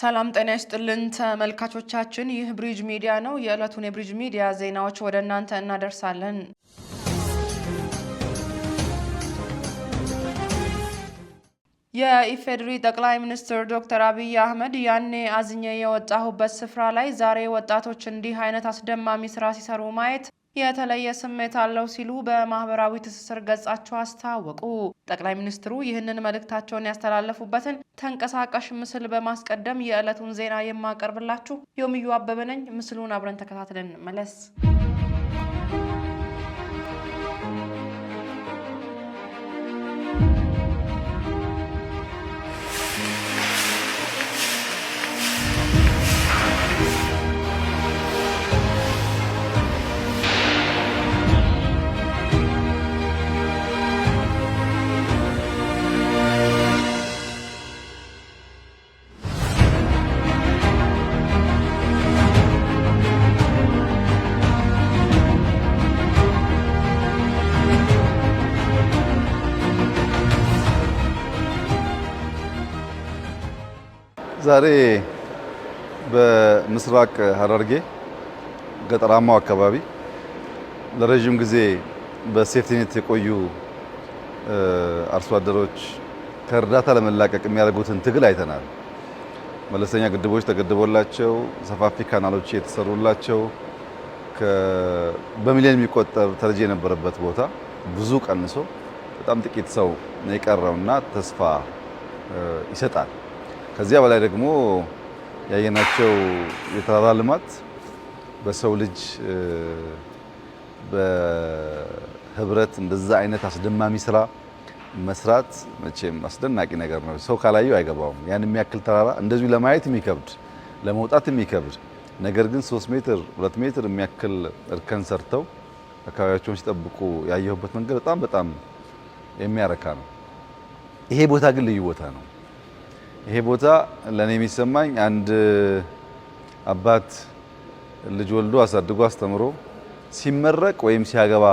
ሰላም ጤና ይስጥልን ተመልካቾቻችን፣ ይህ ብሪጅ ሚዲያ ነው። የዕለቱን የብሪጅ ሚዲያ ዜናዎች ወደ እናንተ እናደርሳለን። የኢፌዴሪ ጠቅላይ ሚኒስትር ዶክተር አብይ አህመድ ያኔ አዝኜ የወጣሁበት ስፍራ ላይ ዛሬ ወጣቶች እንዲህ አይነት አስደማሚ ስራ ሲሰሩ ማየት የተለየ ስሜት አለው ሲሉ በማህበራዊ ትስስር ገጻቸው አስታወቁ። ጠቅላይ ሚኒስትሩ ይህንን መልእክታቸውን ያስተላለፉበትን ተንቀሳቃሽ ምስል በማስቀደም የዕለቱን ዜና የማቀርብላችሁ ዮምዩ አበበ ነኝ። ምስሉን አብረን ተከታትለን መለስ ዛሬ በምስራቅ ሐረርጌ ገጠራማው አካባቢ ለረዥም ጊዜ በሴፍቲኔት የቆዩ አርሶ አደሮች ከእርዳታ ለመላቀቅ የሚያደርጉትን ትግል አይተናል። መለስተኛ ግድቦች ተገድቦላቸው ሰፋፊ ካናሎች የተሰሩላቸው በሚሊዮን የሚቆጠር ተረጂ የነበረበት ቦታ ብዙ ቀንሶ በጣም ጥቂት ሰው የቀረውና ተስፋ ይሰጣል። ከዚያ በላይ ደግሞ ያየናቸው የተራራ ልማት በሰው ልጅ በህብረት እንደዛ አይነት አስደማሚ ስራ መስራት መቼም አስደናቂ ነገር ነው። ሰው ካላዩ አይገባውም። ያን የሚያክል ተራራ እንደዚሁ ለማየት የሚከብድ ለመውጣት የሚከብድ ነገር ግን ሶስት ሜትር ሁለት ሜትር የሚያክል እርከን ሰርተው አካባቢያቸውን ሲጠብቁ ያየሁበት መንገድ በጣም በጣም የሚያረካ ነው። ይሄ ቦታ ግን ልዩ ቦታ ነው። ይሄ ቦታ ለእኔ የሚሰማኝ አንድ አባት ልጅ ወልዶ አሳድጎ አስተምሮ ሲመረቅ ወይም ሲያገባ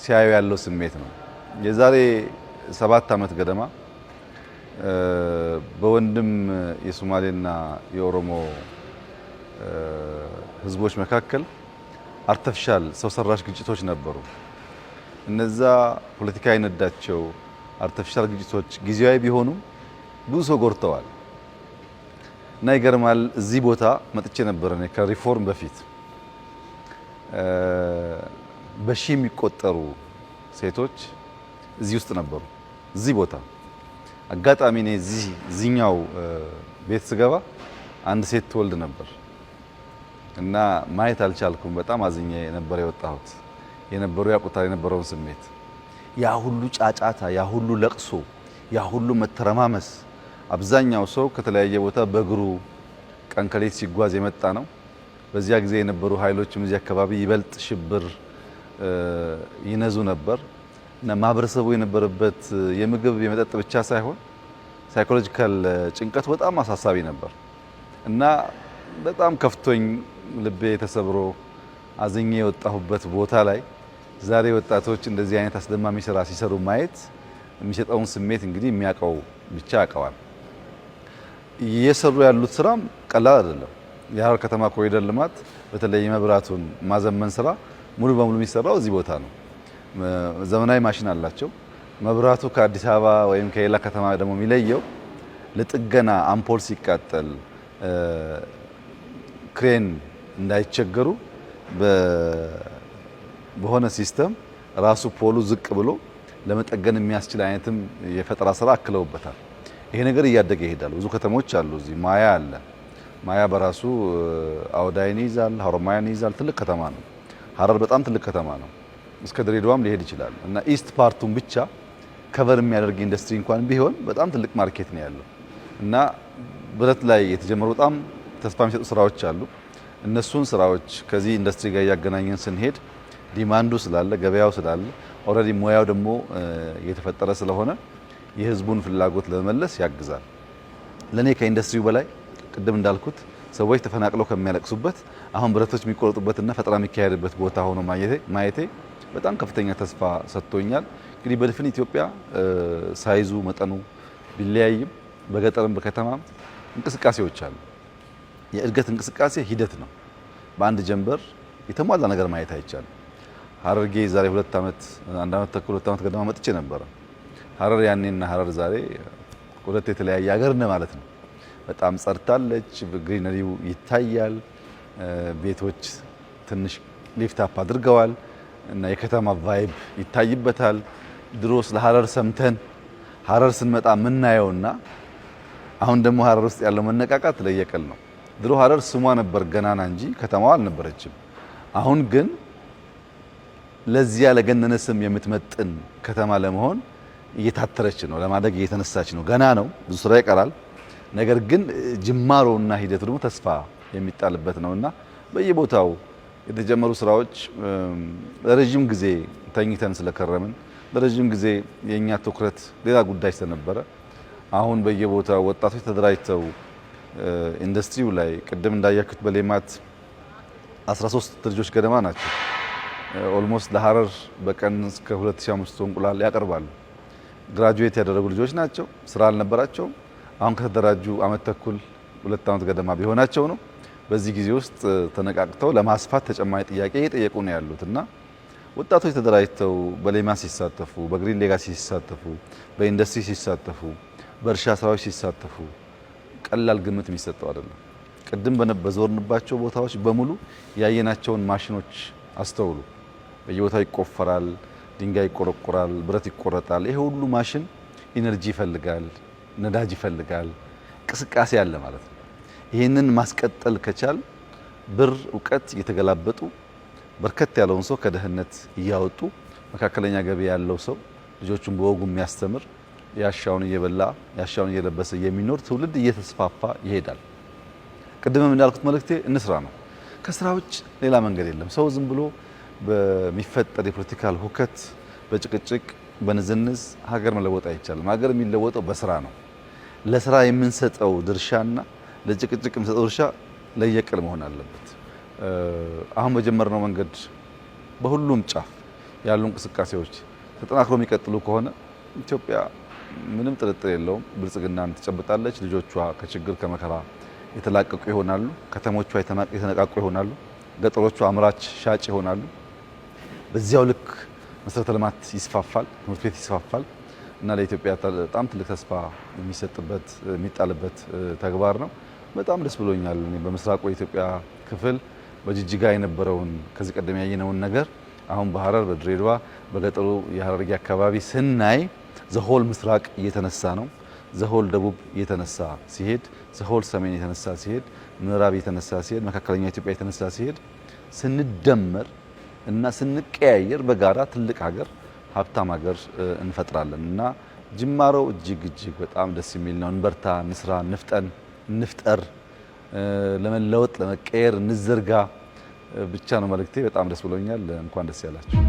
ሲያዩ ያለው ስሜት ነው። የዛሬ ሰባት ዓመት ገደማ በወንድም የሶማሌና የኦሮሞ ህዝቦች መካከል አርተፍሻል ሰው ሰራሽ ግጭቶች ነበሩ። እነዛ ፖለቲካ የነዳቸው አርተፍሻል ግጭቶች ጊዜያዊ ቢሆኑም ብዙ ሰው ጎርተዋል እና ይገርማል። እዚህ ቦታ መጥቼ ነበር እኔ ከሪፎርም በፊት በሺ የሚቆጠሩ ሴቶች እዚህ ውስጥ ነበሩ። እዚህ ቦታ አጋጣሚ እኔ እዚህ እዚኛው ቤት ስገባ አንድ ሴት ትወልድ ነበር እና ማየት አልቻልኩም። በጣም አዝኜ ነበር የወጣሁት። የነበሩ ያቁታል የነበረውን ስሜት ያ ሁሉ ጫጫታ፣ ያ ሁሉ ለቅሶ፣ ያ ሁሉ መተረማመስ አብዛኛው ሰው ከተለያየ ቦታ በእግሩ ቀን ከሌት ሲጓዝ የመጣ ነው። በዚያ ጊዜ የነበሩ ኃይሎችም እዚህ አካባቢ ይበልጥ ሽብር ይነዙ ነበር እና ማህበረሰቡ የነበረበት የምግብ የመጠጥ ብቻ ሳይሆን ሳይኮሎጂካል ጭንቀቱ በጣም አሳሳቢ ነበር እና በጣም ከፍቶኝ ልቤ ተሰብሮ አዝኜ የወጣሁበት ቦታ ላይ ዛሬ ወጣቶች እንደዚህ አይነት አስደማሚ ስራ ሲሰሩ ማየት የሚሰጠውን ስሜት እንግዲህ የሚያውቀው ብቻ ያውቀዋል። እየሰሩ ያሉት ስራም ቀላል አይደለም። የሀረር ከተማ ኮሪደር ልማት በተለይ የመብራቱን ማዘመን ስራ ሙሉ በሙሉ የሚሰራው እዚህ ቦታ ነው። ዘመናዊ ማሽን አላቸው። መብራቱ ከአዲስ አበባ ወይም ከሌላ ከተማ ደግሞ የሚለየው ለጥገና አምፖል ሲቃጠል ክሬን እንዳይቸገሩ በሆነ ሲስተም ራሱ ፖሉ ዝቅ ብሎ ለመጠገን የሚያስችል አይነትም የፈጠራ ስራ አክለውበታል። ይሄ ነገር እያደገ ይሄዳል። ብዙ ከተሞች አሉ። እዚህ ማያ አለ። ማያ በራሱ አውዳይን ይዛል፣ ሀሮማያን ይዛል። ትልቅ ከተማ ነው። ሀረር በጣም ትልቅ ከተማ ነው። እስከ ድሬዳዋም ሊሄድ ይችላል እና ኢስት ፓርቱን ብቻ ከቨር የሚያደርግ ኢንዱስትሪ እንኳን ቢሆን በጣም ትልቅ ማርኬት ነው ያለው እና ብረት ላይ የተጀመሩ በጣም ተስፋ የሚሰጡ ስራዎች አሉ። እነሱን ስራዎች ከዚህ ኢንዱስትሪ ጋር እያገናኘን ስንሄድ ዲማንዱ ስላለ ገበያው ስላለ ኦልሬዲ ሙያው ደግሞ እየተፈጠረ ስለሆነ የህዝቡን ፍላጎት ለመመለስ ያግዛል። ለእኔ ከኢንዱስትሪው በላይ ቅድም እንዳልኩት ሰዎች ተፈናቅለው ከሚያለቅሱበት አሁን ብረቶች የሚቆረጡበትና ፈጠራ የሚካሄድበት ቦታ ሆኖ ማየቴ በጣም ከፍተኛ ተስፋ ሰጥቶኛል። እንግዲህ በድፍን ኢትዮጵያ ሳይዙ መጠኑ ቢለያይም በገጠርም በከተማም እንቅስቃሴዎች አሉ። የእድገት እንቅስቃሴ ሂደት ነው። በአንድ ጀንበር የተሟላ ነገር ማየት አይቻልም። ሀረርጌ ዛሬ ሁለት ዓመት አንድ ዓመት ተኩል ሁለት ዓመት ገደማ መጥቼ ነበረ። ሀረር ያኔና ሀረር ዛሬ ሁለት የተለያየ ሀገር ነ ማለት ነው። በጣም ጸርታለች፣ ግሪነሪው ይታያል። ቤቶች ትንሽ ሊፍታፕ አድርገዋል እና የከተማ ቫይብ ይታይበታል። ድሮ ስለ ሀረር ሰምተን ሀረር ስንመጣ የምናየውና አሁን ደግሞ ሀረር ውስጥ ያለው መነቃቃት ለየቀል ነው። ድሮ ሀረር ስሟ ነበር ገናና እንጂ ከተማዋ አልነበረችም። አሁን ግን ለዚያ ለገነነ ስም የምትመጥን ከተማ ለመሆን እየታተረች ነው፣ ለማደግ እየተነሳች ነው። ገና ነው፣ ብዙ ስራ ይቀራል። ነገር ግን ጅማሮና ሂደቱ ደግሞ ተስፋ የሚጣልበት ነውና በየቦታው የተጀመሩ ስራዎች ለረዥም ጊዜ ተኝተን ስለከረምን ለረዥም ጊዜ የእኛ ትኩረት ሌላ ጉዳይ ስለነበረ አሁን በየቦታው ወጣቶች ተደራጅተው ኢንዱስትሪው ላይ ቅድም እንዳያችሁት በሌማት 13 ልጆች ገደማ ናቸው። ኦልሞስት ለሀረር በቀን እስከ 2500 እንቁላል ያቀርባሉ። ግራጁዌት ያደረጉ ልጆች ናቸው። ስራ አልነበራቸውም። አሁን ከተደራጁ አመት ተኩል ሁለት አመት ገደማ ቢሆናቸው ነው። በዚህ ጊዜ ውስጥ ተነቃቅተው ለማስፋት ተጨማሪ ጥያቄ እየጠየቁ ነው ያሉት እና ወጣቶች ተደራጅተው በሌማ ሲሳተፉ፣ በግሪን ሌጋሲ ሲሳተፉ፣ በኢንዱስትሪ ሲሳተፉ፣ በእርሻ ስራዎች ሲሳተፉ ቀላል ግምት የሚሰጠው አይደለም። ቅድም በዞርንባቸው ቦታዎች በሙሉ ያየናቸውን ማሽኖች አስተውሉ። በየቦታው ይቆፈራል። ድንጋይ ይቆረቆራል፣ ብረት ይቆረጣል። ይሄ ሁሉ ማሽን ኢነርጂ ይፈልጋል፣ ነዳጅ ይፈልጋል፣ እንቅስቃሴ አለ ማለት ነው። ይህንን ማስቀጠል ከቻል ብር፣ እውቀት እየተገላበጡ በርከት ያለውን ሰው ከደህንነት እያወጡ መካከለኛ ገቢ ያለው ሰው ልጆቹን በወጉ የሚያስተምር ያሻውን እየበላ ያሻውን እየለበሰ የሚኖር ትውልድ እየተስፋፋ ይሄዳል። ቅድምም እንዳልኩት መልእክቴ እንስራ ነው። ከስራ ውጭ ሌላ መንገድ የለም። ሰው ዝም ብሎ በሚፈጠር የፖለቲካል ሁከት፣ በጭቅጭቅ፣ በንዝንዝ ሀገር መለወጥ አይቻልም። ሀገር የሚለወጠው በስራ ነው። ለስራ የምንሰጠው ድርሻና ለጭቅጭቅ የምንሰጠው ድርሻ ለየቅል መሆን አለበት። አሁን በጀመርነው መንገድ በሁሉም ጫፍ ያሉ እንቅስቃሴዎች ተጠናክሮ የሚቀጥሉ ከሆነ ኢትዮጵያ ምንም ጥርጥር የለውም ብልጽግናን ትጨብጣለች። ልጆቿ ከችግር ከመከራ የተላቀቁ ይሆናሉ። ከተሞቿ የተነቃቁ ይሆናሉ። ገጠሮቿ አምራች ሻጭ ይሆናሉ። በዚያው ልክ መሰረተ ልማት ይስፋፋል፣ ትምህርት ቤት ይስፋፋል እና ለኢትዮጵያ በጣም ትልቅ ተስፋ የሚሰጥበት የሚጣልበት ተግባር ነው። በጣም ደስ ብሎኛል። በምስራቁ የኢትዮጵያ ክፍል በጅጅጋ የነበረውን ከዚህ ቀደም ያየነውን ነገር አሁን በሀረር በድሬዳዋ በገጠሩ የሐረርጌ አካባቢ ስናይ ዘሆል ምስራቅ እየተነሳ ነው። ዘሆል ደቡብ እየተነሳ ሲሄድ፣ ዘሆል ሰሜን የተነሳ ሲሄድ፣ ምዕራብ እየተነሳ ሲሄድ፣ መካከለኛ ኢትዮጵያ የተነሳ ሲሄድ ስንደመር እና ስንቀያየር በጋራ ትልቅ ሀገር ሀብታም ሀገር እንፈጥራለን እና ጅማሮው እጅግ እጅግ በጣም ደስ የሚል ነው። እንበርታ፣ ንስራ፣ ንፍጠን እንፍጠር፣ ለመለወጥ፣ ለመቀየር እንዘርጋ ብቻ ነው መልእክቴ። በጣም ደስ ብሎኛል። እንኳን ደስ ያላችሁ።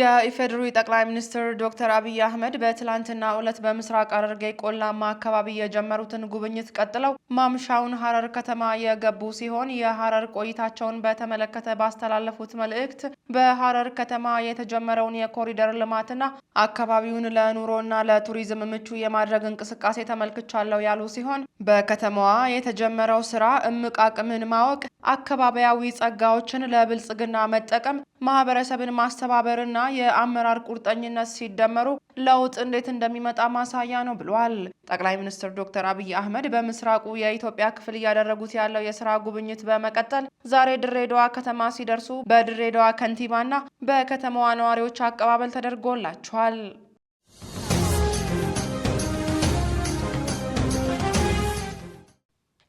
የኢፌዴሪ ጠቅላይ ሚኒስትር ዶክተር አብይ አህመድ በትላንትና ዕለት በምስራቅ ሐረርጌ ቆላማ አካባቢ የጀመሩትን ጉብኝት ቀጥለው ማምሻውን ሐረር ከተማ የገቡ ሲሆን የሐረር ቆይታቸውን በተመለከተ ባስተላለፉት መልእክት በሐረር ከተማ የተጀመረውን የኮሪደር ልማትና አካባቢውን ለኑሮና ለቱሪዝም ምቹ የማድረግ እንቅስቃሴ ተመልክቻለሁ ያሉ ሲሆን በከተማዋ የተጀመረው ስራ እምቅ አቅምን ማወቅ አካባቢያዊ ጸጋዎችን ለብልጽግና መጠቀም ማህበረሰብን ማስተባበርና የአመራር ቁርጠኝነት ሲደመሩ ለውጥ እንዴት እንደሚመጣ ማሳያ ነው ብሏል። ጠቅላይ ሚኒስትር ዶክተር አብይ አህመድ በምስራቁ የኢትዮጵያ ክፍል እያደረጉት ያለው የስራ ጉብኝት በመቀጠል ዛሬ ድሬዳዋ ከተማ ሲደርሱ በድሬዳዋ ከንቲባና በከተማዋ ነዋሪዎች አቀባበል ተደርጎላቸዋል።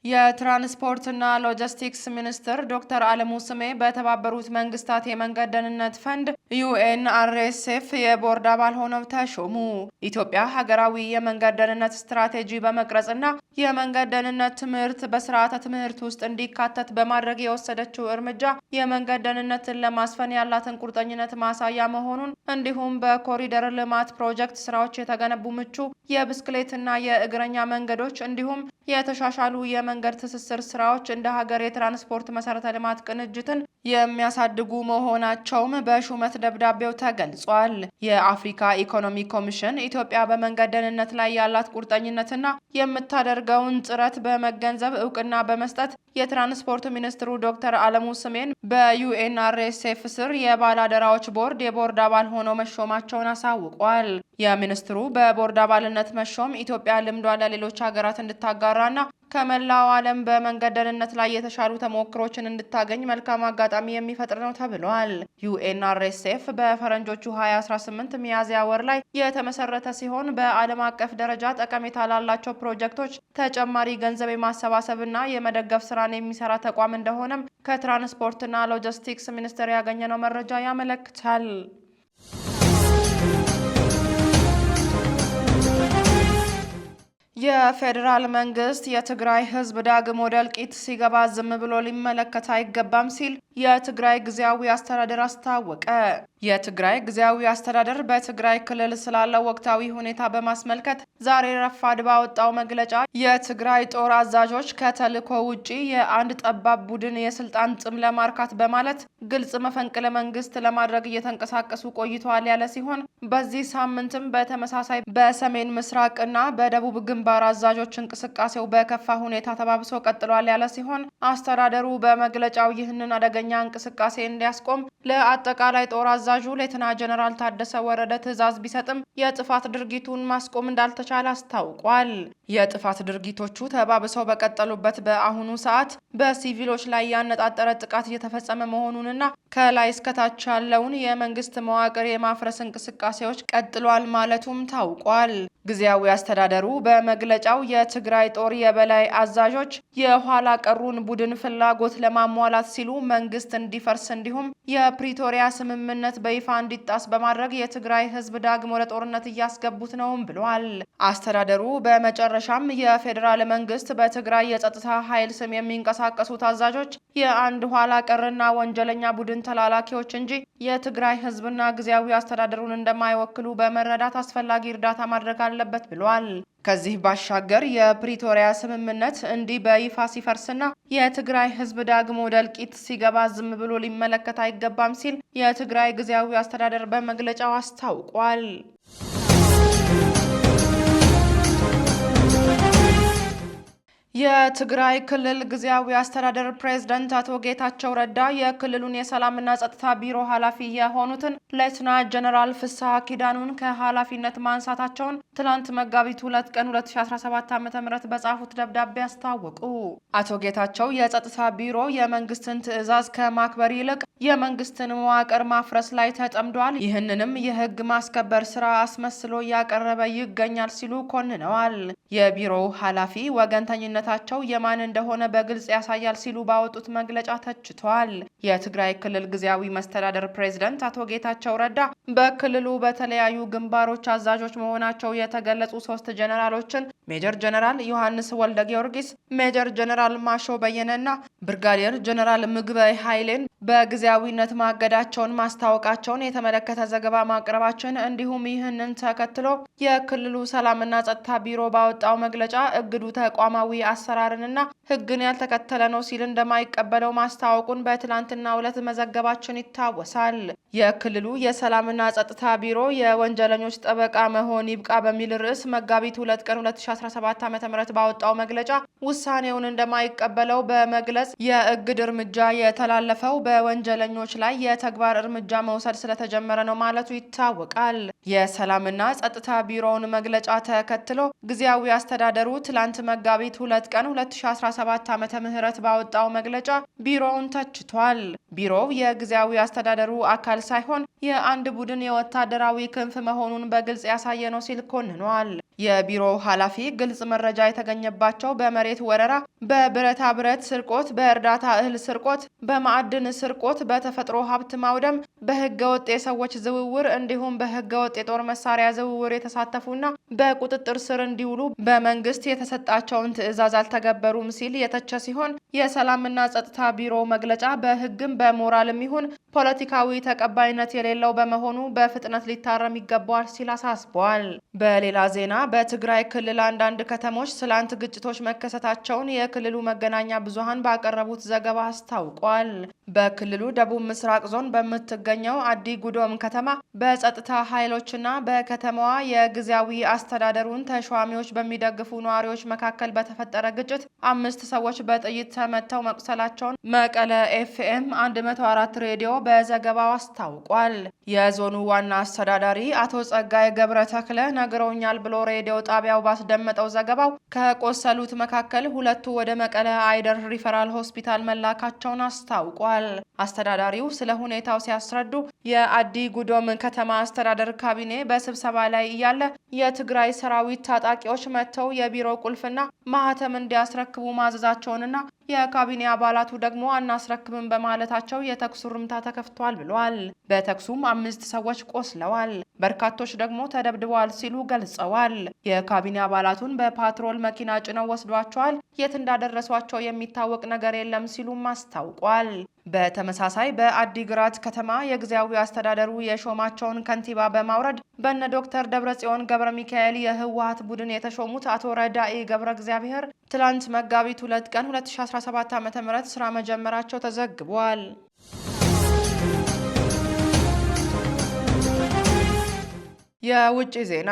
የትራንስፖርትና ሎጂስቲክስ ሚኒስትር ዶክተር አለሙ ስሜ በተባበሩት መንግስታት የመንገድ ደህንነት ፈንድ ዩኤንአርኤስኤፍ የቦርድ አባል ሆነው ተሾሙ። ኢትዮጵያ ሀገራዊ የመንገድ ደህንነት ስትራቴጂ በመቅረጽና የመንገድ ደህንነት ትምህርት በስርዓተ ትምህርት ውስጥ እንዲካተት በማድረግ የወሰደችው እርምጃ የመንገድ ደህንነትን ለማስፈን ያላትን ቁርጠኝነት ማሳያ መሆኑን እንዲሁም በኮሪደር ልማት ፕሮጀክት ስራዎች የተገነቡ ምቹ የብስክሌትና የእግረኛ መንገዶች እንዲሁም የተሻሻሉ የመንገድ ትስስር ስራዎች እንደ ሀገር የትራንስፖርት መሰረተ ልማት ቅንጅትን የሚያሳድጉ መሆናቸውም በሹመት ደብዳቤው ተገልጿል። የአፍሪካ ኢኮኖሚ ኮሚሽን ኢትዮጵያ በመንገድ ደህንነት ላይ ያላት ቁርጠኝነትና የምታደርገውን ጥረት በመገንዘብ እውቅና በመስጠት የትራንስፖርት ሚኒስትሩ ዶክተር አለሙ ስሜን በዩኤንአርኤስኤፍ ስር የባለአደራዎች ቦርድ የቦርድ አባል ሆነው መሾማቸውን አሳውቋል። የሚኒስትሩ በቦርድ አባልነት መሾም ኢትዮጵያ ልምዷን ለሌሎች ሀገራት እንድታጋራና ከመላው ዓለም በመንገድ ደህንነት ላይ የተሻሉ ተሞክሮችን እንድታገኝ መልካም አጋጣሚ የሚፈጥር ነው ተብሏል። ዩኤንአርኤስኤፍ በፈረንጆቹ 2018 ሚያዝያ ወር ላይ የተመሰረተ ሲሆን በዓለም አቀፍ ደረጃ ጠቀሜታ ላላቸው ፕሮጀክቶች ተጨማሪ ገንዘብ የማሰባሰብና የመደገፍ ስራን የሚሰራ ተቋም እንደሆነም ከትራንስፖርትና ሎጂስቲክስ ሚኒስቴር ያገኘነው መረጃ ያመለክታል። የፌዴራል መንግስት የትግራይ ህዝብ ዳግም ወደ እልቂት ሲገባ ዝም ብሎ ሊመለከት አይገባም ሲል የትግራይ ጊዜያዊ አስተዳደር አስታወቀ። የትግራይ ጊዜያዊ አስተዳደር በትግራይ ክልል ስላለው ወቅታዊ ሁኔታ በማስመልከት ዛሬ ረፋድ ባወጣው መግለጫ የትግራይ ጦር አዛዦች ከተልኮ ውጪ የአንድ ጠባብ ቡድን የስልጣን ጥም ለማርካት በማለት ግልጽ መፈንቅለ መንግስት ለማድረግ እየተንቀሳቀሱ ቆይተዋል ያለ ሲሆን በዚህ ሳምንትም በተመሳሳይ በሰሜን ምስራቅ እና በደቡብ ግንባር አዛዦች እንቅስቃሴው በከፋ ሁኔታ ተባብሶ ቀጥሏል ያለ ሲሆን አስተዳደሩ በመግለጫው ይህንን አደገኛ እንቅስቃሴ እንዲያስቆም ለአጠቃላይ ጦር አዛ አዛዡ ሌተና ጀነራል ታደሰ ወረደ ትዕዛዝ ቢሰጥም የጥፋት ድርጊቱን ማስቆም እንዳልተቻለ አስታውቋል። የጥፋት ድርጊቶቹ ተባብሰው በቀጠሉበት በአሁኑ ሰዓት በሲቪሎች ላይ ያነጣጠረ ጥቃት እየተፈጸመ መሆኑንና ከላይ እስከታች ያለውን የመንግስት መዋቅር የማፍረስ እንቅስቃሴዎች ቀጥሏል ማለቱም ታውቋል። ጊዜያዊ አስተዳደሩ በመግለጫው የትግራይ ጦር የበላይ አዛዦች የኋላ ቀሩን ቡድን ፍላጎት ለማሟላት ሲሉ መንግስት እንዲፈርስ እንዲሁም የፕሪቶሪያ ስምምነት በይፋ እንዲጣስ በማድረግ የትግራይ ህዝብ ዳግም ወደ ጦርነት እያስገቡት ነውም ብሏል። አስተዳደሩ በመጨረሻም የፌዴራል መንግስት በትግራይ የጸጥታ ኃይል ስም የሚንቀሳቀሱ ታዛዦች የአንድ ኋላ ቀርና ወንጀለኛ ቡድን ተላላኪዎች እንጂ የትግራይ ህዝብና ጊዜያዊ አስተዳደሩን እንደማይወክሉ በመረዳት አስፈላጊ እርዳታ ማድረግ አለበት ብሏል። ከዚህ ባሻገር የፕሪቶሪያ ስምምነት እንዲህ በይፋ ሲፈርስና የትግራይ ሕዝብ ዳግሞ ወደ እልቂት ሲገባ ዝም ብሎ ሊመለከት አይገባም ሲል የትግራይ ጊዜያዊ አስተዳደር በመግለጫው አስታውቋል። የትግራይ ክልል ጊዜያዊ አስተዳደር ፕሬዝደንት አቶ ጌታቸው ረዳ የክልሉን የሰላምና ጸጥታ ቢሮ ኃላፊ የሆኑትን ለትና ጀነራል ፍስሐ ኪዳኑን ከኃላፊነት ማንሳታቸውን ትላንት መጋቢት ሁለት ቀን 2017 ዓ ም በጻፉት ደብዳቤ አስታወቁ። አቶ ጌታቸው የጸጥታ ቢሮ የመንግስትን ትዕዛዝ ከማክበር ይልቅ የመንግስትን መዋቅር ማፍረስ ላይ ተጠምዷል፣ ይህንንም የህግ ማስከበር ስራ አስመስሎ እያቀረበ ይገኛል ሲሉ ኮንነዋል። የቢሮው ኃላፊ ወገንተኝነት ማለታቸው የማን እንደሆነ በግልጽ ያሳያል ሲሉ ባወጡት መግለጫ ተችቷል። የትግራይ ክልል ጊዜያዊ መስተዳደር ፕሬዝደንት አቶ ጌታቸው ረዳ በክልሉ በተለያዩ ግንባሮች አዛዦች መሆናቸው የተገለጹ ሶስት ጀነራሎችን ሜጀር ጀነራል ዮሐንስ ወልደ ጊዮርጊስ፣ ሜጀር ጀነራል ማሾ በየነና ብርጋዴር ጀነራል ምግበ ኃይሌን በጊዜያዊነት ማገዳቸውን ማስታወቃቸውን የተመለከተ ዘገባ ማቅረባችን እንዲሁም ይህንን ተከትሎ የክልሉ ሰላምና ጸጥታ ቢሮ ባወጣው መግለጫ እግዱ ተቋማዊ አሰራርንና ሕግን ያልተከተለ ነው ሲል እንደማይቀበለው ማስታወቁን በትላንትና ዕለት መዘገባችን ይታወሳል። የክልሉ የሰላምና ጸጥታ ቢሮ የወንጀለኞች ጠበቃ መሆን ይብቃ በሚል ርዕስ መጋቢት ሁለት ቀን 2017 ዓ.ም ባወጣው መግለጫ ውሳኔውን እንደማይቀበለው በመግለጽ የእግድ እርምጃ የተላለፈው በወንጀለኞች ላይ የተግባር እርምጃ መውሰድ ስለተጀመረ ነው ማለቱ ይታወቃል። የሰላምና ጸጥታ ቢሮውን መግለጫ ተከትሎ ጊዜያዊ አስተዳደሩ ትላንት መጋቢት ሁለት ሁለት ቀን 2017 ዓመተ ምህረት ባወጣው መግለጫ ቢሮውን ተችቷል። ቢሮው የጊዜያዊ አስተዳደሩ አካል ሳይሆን የአንድ ቡድን የወታደራዊ ክንፍ መሆኑን በግልጽ ያሳየ ነው ሲል ኮንኗል። የቢሮው ኃላፊ ግልጽ መረጃ የተገኘባቸው በመሬት ወረራ፣ በብረታ ብረት ስርቆት፣ በእርዳታ እህል ስርቆት፣ በማዕድን ስርቆት፣ በተፈጥሮ ሀብት ማውደም፣ በህገ ወጥ የሰዎች ዝውውር እንዲሁም በህገ ወጥ የጦር መሳሪያ ዝውውር የተሳተፉና በቁጥጥር ስር እንዲውሉ በመንግስት የተሰጣቸውን ትዕዛዝ ትዕዛዝ አልተገበሩም ሲል የተቸ ሲሆን የሰላምና ጸጥታ ቢሮ መግለጫ በሕግም በሞራልም ይሁን ፖለቲካዊ ተቀባይነት የሌለው በመሆኑ በፍጥነት ሊታረም ይገባዋል ሲል አሳስቧል። በሌላ ዜና በትግራይ ክልል አንዳንድ ከተሞች ትላንት ግጭቶች መከሰታቸውን የክልሉ መገናኛ ብዙሃን ባቀረቡት ዘገባ አስታውቋል። በክልሉ ደቡብ ምስራቅ ዞን በምትገኘው አዲ ጉዶም ከተማ በጸጥታ ኃይሎችና በከተማዋ የጊዜያዊ አስተዳደሩን ተሿሚዎች በሚደግፉ ነዋሪዎች መካከል በተፈጠረ በተፈጠረ ግጭት አምስት ሰዎች በጥይት ተመተው መቁሰላቸውን መቀለ ኤፍኤም 104 ሬዲዮ በዘገባው አስታውቋል። የዞኑ ዋና አስተዳዳሪ አቶ ጸጋይ ገብረ ተክለ ነግረውኛል ብሎ ሬዲዮ ጣቢያው ባስደመጠው ዘገባው ከቆሰሉት መካከል ሁለቱ ወደ መቀለ አይደር ሪፈራል ሆስፒታል መላካቸውን አስታውቋል። አስተዳዳሪው ስለ ሁኔታው ሲያስረዱ የአዲ ጉዶም ከተማ አስተዳደር ካቢኔ በስብሰባ ላይ እያለ የትግራይ ሰራዊት ታጣቂዎች መጥተው የቢሮ ቁልፍና ማህተም እንዲያስረክቡ ማዘዛቸውንና የካቢኔ አባላቱ ደግሞ አናስረክብም በማለታቸው የተኩሱ ርምታ ተከፍቷል ብለዋል። በተኩሱም አምስት ሰዎች ቆስለዋል፣ በርካቶች ደግሞ ተደብድበዋል ሲሉ ገልጸዋል። የካቢኔ አባላቱን በፓትሮል መኪና ጭነው ወስዷቸዋል። የት እንዳደረሷቸው የሚታወቅ ነገር የለም ሲሉም አስታውቋል። በተመሳሳይ በአዲግራት ከተማ የጊዜያዊ አስተዳደሩ የሾማቸውን ከንቲባ በማውረድ በነ ዶክተር ደብረጽዮን ገብረ ሚካኤል የህወሀት ቡድን የተሾሙት አቶ ረዳኢ ገብረ እግዚአብሔር ትላንት መጋቢት ሁለት ቀን 2017 ዓ ም ስራ መጀመራቸው ተዘግቧል። የውጭ ዜና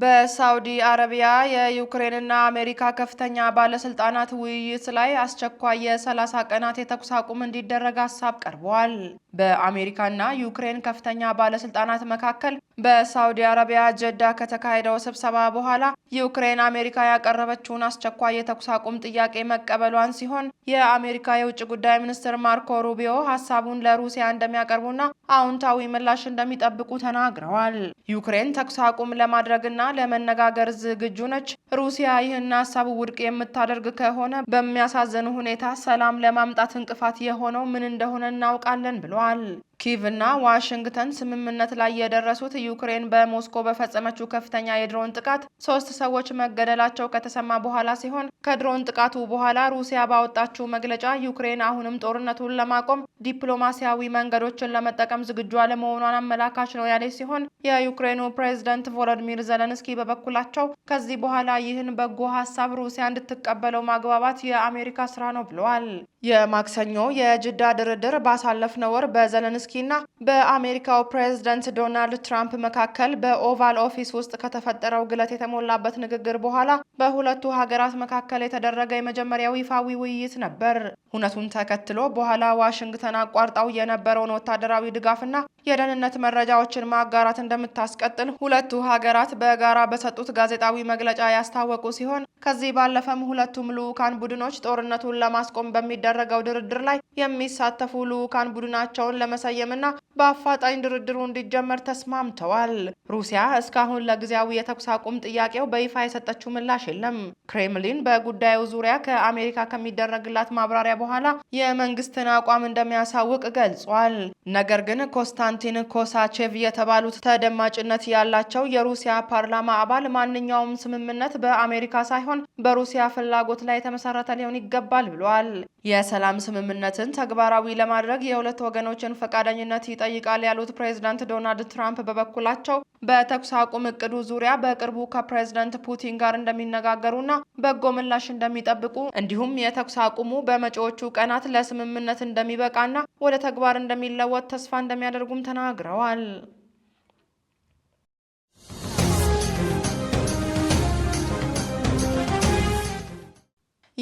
በሳውዲ አረቢያ የዩክሬንና አሜሪካ ከፍተኛ ባለስልጣናት ውይይት ላይ አስቸኳይ የ30 ቀናት የተኩስ አቁም እንዲደረግ ሀሳብ ቀርቧል። በአሜሪካና ዩክሬን ከፍተኛ ባለስልጣናት መካከል በሳውዲ አረቢያ ጀዳ ከተካሄደው ስብሰባ በኋላ ዩክሬን አሜሪካ ያቀረበችውን አስቸኳይ የተኩስ አቁም ጥያቄ መቀበሏን ሲሆን የአሜሪካ የውጭ ጉዳይ ሚኒስትር ማርኮ ሩቢዮ ሀሳቡን ለሩሲያ እንደሚያቀርቡና አውንታዊ ምላሽ እንደሚጠብቁ ተናግረዋል። ዩክሬን ተኩስ አቁም ለማድረግና ለመነጋገር ዝግጁ ነች። ሩሲያ ይህን ሀሳብ ውድቅ የምታደርግ ከሆነ በሚያሳዝን ሁኔታ ሰላም ለማምጣት እንቅፋት የሆነው ምን እንደሆነ እናውቃለን ብለል። อน ኪቭ እና ዋሽንግተን ስምምነት ላይ የደረሱት ዩክሬን በሞስኮ በፈጸመችው ከፍተኛ የድሮን ጥቃት ሶስት ሰዎች መገደላቸው ከተሰማ በኋላ ሲሆን ከድሮን ጥቃቱ በኋላ ሩሲያ ባወጣችው መግለጫ ዩክሬን አሁንም ጦርነቱን ለማቆም ዲፕሎማሲያዊ መንገዶችን ለመጠቀም ዝግጁ አለመሆኗን አመላካች ነው ያለች ሲሆን የዩክሬኑ ፕሬዝደንት ቮሎዲሚር ዘለንስኪ በበኩላቸው ከዚህ በኋላ ይህን በጎ ሀሳብ ሩሲያ እንድትቀበለው ማግባባት የአሜሪካ ስራ ነው ብለዋል። የማክሰኞ የጅዳ ድርድር ባሳለፍነው ወር በዘለንስ ዜሌንስኪና በአሜሪካው ፕሬዝደንት ዶናልድ ትራምፕ መካከል በኦቫል ኦፊስ ውስጥ ከተፈጠረው ግለት የተሞላበት ንግግር በኋላ በሁለቱ ሀገራት መካከል የተደረገ የመጀመሪያው ይፋዊ ውይይት ነበር። ሁነቱን ተከትሎ በኋላ ዋሽንግተን አቋርጣው የነበረውን ወታደራዊ ድጋፍና የደህንነት መረጃዎችን ማጋራት እንደምታስቀጥል ሁለቱ ሀገራት በጋራ በሰጡት ጋዜጣዊ መግለጫ ያስታወቁ ሲሆን ከዚህ ባለፈም ሁለቱም ልዑካን ቡድኖች ጦርነቱን ለማስቆም በሚደረገው ድርድር ላይ የሚሳተፉ ልዑካን ቡድናቸውን ለመሰየምና በአፋጣኝ ድርድሩ እንዲጀመር ተስማምተዋል። ሩሲያ እስካሁን ለጊዜያዊ የተኩስ አቁም ጥያቄው በይፋ የሰጠችው ምላሽ የለም። ክሬምሊን በጉዳዩ ዙሪያ ከአሜሪካ ከሚደረግላት ማብራሪያ በኋላ የመንግስትን አቋም እንደሚያሳውቅ ገልጿል። ነገር ግን ኮንስታንቲን ኮሳቼቭ የተባሉት ተደማጭነት ያላቸው የሩሲያ ፓርላማ አባል ማንኛውም ስምምነት በአሜሪካ ሳይሆን በሩሲያ ፍላጎት ላይ የተመሰረተ ሊሆን ይገባል ብሏል። የሰላም ስምምነትን ተግባራዊ ለማድረግ የሁለት ወገኖችን ፈቃደኝነት ይጠይቃል ያሉት ፕሬዚዳንት ዶናልድ ትራምፕ በበኩላቸው በተኩስ አቁም እቅዱ ዙሪያ በቅርቡ ከፕሬዚዳንት ፑቲን ጋር እንደሚነጋገሩና በጎ ምላሽ እንደሚጠብቁ እንዲሁም የተኩስ አቁሙ በመጪ በመጪዎቹ ቀናት ለስምምነት እንደሚበቃና ወደ ተግባር እንደሚለወጥ ተስፋ እንደሚያደርጉም ተናግረዋል።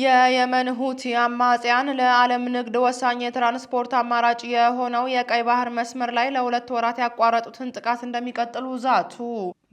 የየመን ሁቲ አማጽያን ለዓለም ንግድ ወሳኝ የትራንስፖርት አማራጭ የሆነው የቀይ ባህር መስመር ላይ ለሁለት ወራት ያቋረጡትን ጥቃት እንደሚቀጥሉ ዛቱ።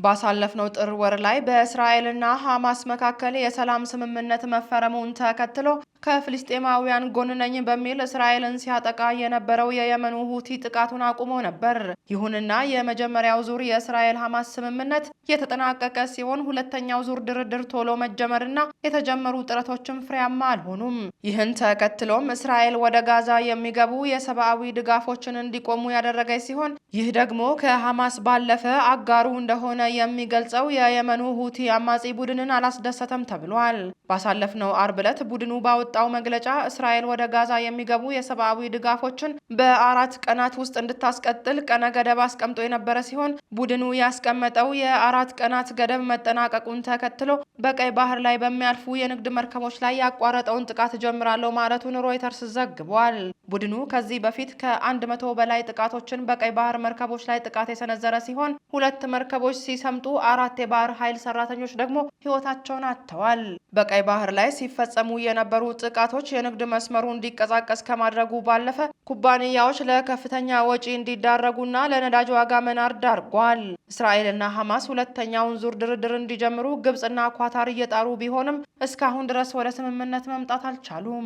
ባሳለፍነው ጥር ወር ላይ በእስራኤልና ሐማስ መካከል የሰላም ስምምነት መፈረሙን ተከትሎ ከፍልስጤማውያን ጎን ነኝ በሚል እስራኤልን ሲያጠቃ የነበረው የየመኑ ሁቲ ጥቃቱን አቁሞ ነበር። ይሁንና የመጀመሪያው ዙር የእስራኤል ሐማስ ስምምነት የተጠናቀቀ ሲሆን ሁለተኛው ዙር ድርድር ቶሎ መጀመርና የተጀመሩ ጥረቶችም ፍሬያማ አልሆኑም። ይህን ተከትሎም እስራኤል ወደ ጋዛ የሚገቡ የሰብአዊ ድጋፎችን እንዲቆሙ ያደረገች ሲሆን ይህ ደግሞ ከሐማስ ባለፈ አጋሩ እንደሆነ የሚገልጸው የየመኑ ሁቲ አማጺ ቡድንን አላስደሰተም ተብሏል። ባሳለፍነው አርብ ዕለት ቡድኑ ባወ ባወጣው መግለጫ እስራኤል ወደ ጋዛ የሚገቡ የሰብአዊ ድጋፎችን በአራት ቀናት ውስጥ እንድታስቀጥል ቀነ ገደብ አስቀምጦ የነበረ ሲሆን ቡድኑ ያስቀመጠው የአራት ቀናት ገደብ መጠናቀቁን ተከትሎ በቀይ ባህር ላይ በሚያልፉ የንግድ መርከቦች ላይ ያቋረጠውን ጥቃት ጀምራለሁ ማለቱን ሮይተርስ ዘግቧል። ቡድኑ ከዚህ በፊት ከአንድ መቶ በላይ ጥቃቶችን በቀይ ባህር መርከቦች ላይ ጥቃት የሰነዘረ ሲሆን ሁለት መርከቦች ሲሰምጡ አራት የባህር ኃይል ሰራተኞች ደግሞ ሕይወታቸውን አጥተዋል። በቀይ ባህር ላይ ሲፈጸሙ የነበሩ ጥቃቶች የንግድ መስመሩ እንዲቀዛቀስ ከማድረጉ ባለፈ ኩባንያዎች ለከፍተኛ ወጪ እንዲዳረጉና ለነዳጅ ዋጋ መናር ዳርጓል። እስራኤልና ሐማስ ሁለተኛውን ዙር ድርድር እንዲጀምሩ ግብፅና ኳታር እየጣሩ ቢሆንም እስካሁን ድረስ ወደ ስምምነት መምጣት አልቻሉም።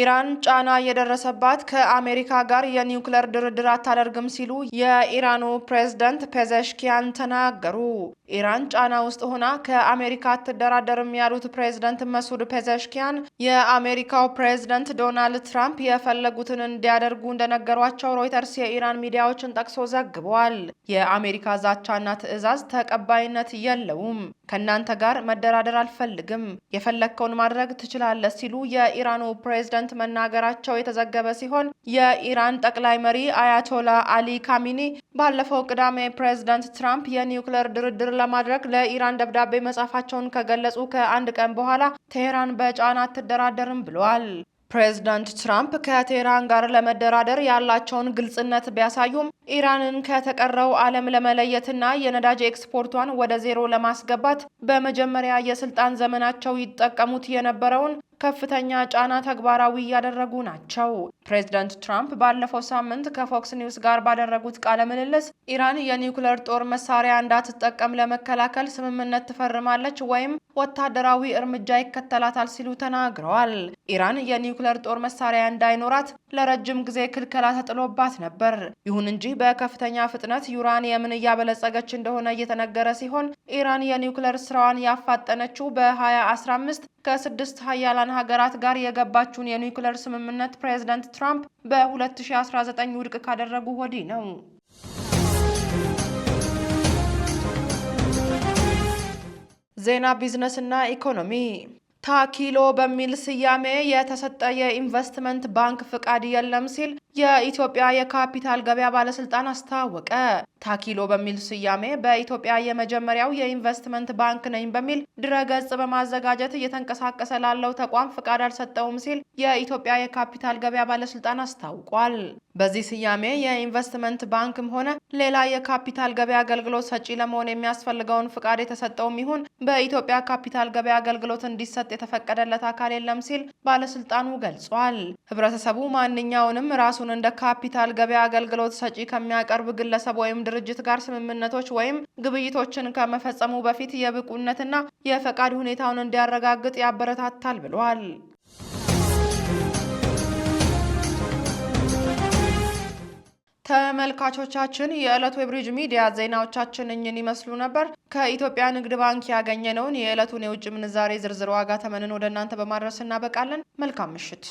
ኢራን ጫና የደረሰባት ከአሜሪካ ጋር የኒውክሌር ድርድር አታደርግም ሲሉ የኢራኑ ፕሬዝዳንት ፔዘሽኪያን ተናገሩ። ኢራን ጫና ውስጥ ሆና ከአሜሪካ አትደራደርም ያሉት ፕሬዝዳንት መሱድ ፔዘሽኪያን የአሜሪካው ፕሬዝዳንት ዶናልድ ትራምፕ የፈለጉትን እንዲያደርጉ እንደነገሯቸው ሮይተርስ የኢራን ሚዲያዎችን ጠቅሶ ዘግቧል። የአሜሪካ ዛቻና ትዕዛዝ ተቀባይነት የለውም፣ ከእናንተ ጋር መደራደር አልፈልግም፣ የፈለግከውን ማድረግ ትችላለህ ሲሉ የኢራኑ ፕሬዝዳንት ፕሬዝዳንት መናገራቸው የተዘገበ ሲሆን የኢራን ጠቅላይ መሪ አያቶላ አሊ ካሚኒ ባለፈው ቅዳሜ ፕሬዝዳንት ትራምፕ የኒውክሌር ድርድር ለማድረግ ለኢራን ደብዳቤ መጻፋቸውን ከገለጹ ከአንድ ቀን በኋላ ቴሄራን በጫና አትደራደርም ብለዋል። ፕሬዚዳንት ትራምፕ ከቴህራን ጋር ለመደራደር ያላቸውን ግልጽነት ቢያሳዩም ኢራንን ከተቀረው ዓለም ለመለየትና የነዳጅ ኤክስፖርቷን ወደ ዜሮ ለማስገባት በመጀመሪያ የስልጣን ዘመናቸው ይጠቀሙት የነበረውን ከፍተኛ ጫና ተግባራዊ እያደረጉ ናቸው። ፕሬዚዳንት ትራምፕ ባለፈው ሳምንት ከፎክስ ኒውስ ጋር ባደረጉት ቃለ ምልልስ ኢራን የኒውክለር ጦር መሳሪያ እንዳትጠቀም ለመከላከል ስምምነት ትፈርማለች ወይም ወታደራዊ እርምጃ ይከተላታል ሲሉ ተናግረዋል። ኢራን የኒውክለር ጦር መሳሪያ እንዳይኖራት ለረጅም ጊዜ ክልከላ ተጥሎባት ነበር። ይሁን እንጂ በከፍተኛ ፍጥነት ዩራኒየምን እያበለጸገች እንደሆነ እየተነገረ ሲሆን ኢራን የኒውክለር ስራዋን ያፋጠነችው በ2015 ከስድስት ሀያላን ሀገራት ጋር የገባችውን የኒውክለር ስምምነት ፕሬዝዳንት ትራምፕ በ2019 ውድቅ ካደረጉ ወዲህ ነው። ዜና ቢዝነስ እና ኢኮኖሚ ታኪሎ በሚል ስያሜ የተሰጠ የኢንቨስትመንት ባንክ ፍቃድ የለም ሲል የኢትዮጵያ የካፒታል ገበያ ባለስልጣን አስታወቀ። ታኪሎ በሚል ስያሜ በኢትዮጵያ የመጀመሪያው የኢንቨስትመንት ባንክ ነኝ በሚል ድረገጽ በማዘጋጀት እየተንቀሳቀሰ ላለው ተቋም ፍቃድ አልሰጠውም ሲል የኢትዮጵያ የካፒታል ገበያ ባለስልጣን አስታውቋል። በዚህ ስያሜ የኢንቨስትመንት ባንክም ሆነ ሌላ የካፒታል ገበያ አገልግሎት ሰጪ ለመሆን የሚያስፈልገውን ፍቃድ የተሰጠውም ይሁን በኢትዮጵያ ካፒታል ገበያ አገልግሎት እንዲሰጥ የተፈቀደለት አካል የለም ሲል ባለስልጣኑ ገልጿል። ህብረተሰቡ ማንኛውንም ራሱ አገልግሎቱን እንደ ካፒታል ገበያ አገልግሎት ሰጪ ከሚያቀርብ ግለሰብ ወይም ድርጅት ጋር ስምምነቶች ወይም ግብይቶችን ከመፈጸሙ በፊት የብቁነትና የፈቃድ ሁኔታውን እንዲያረጋግጥ ያበረታታል ብሏል። ተመልካቾቻችን የዕለቱ የብሪጅ ሚዲያ ዜናዎቻችን እኝን ይመስሉ ነበር። ከኢትዮጵያ ንግድ ባንክ ያገኘነውን የዕለቱን የውጭ ምንዛሬ ዝርዝር ዋጋ ተመንን ወደ እናንተ በማድረስ እናበቃለን። መልካም ምሽት።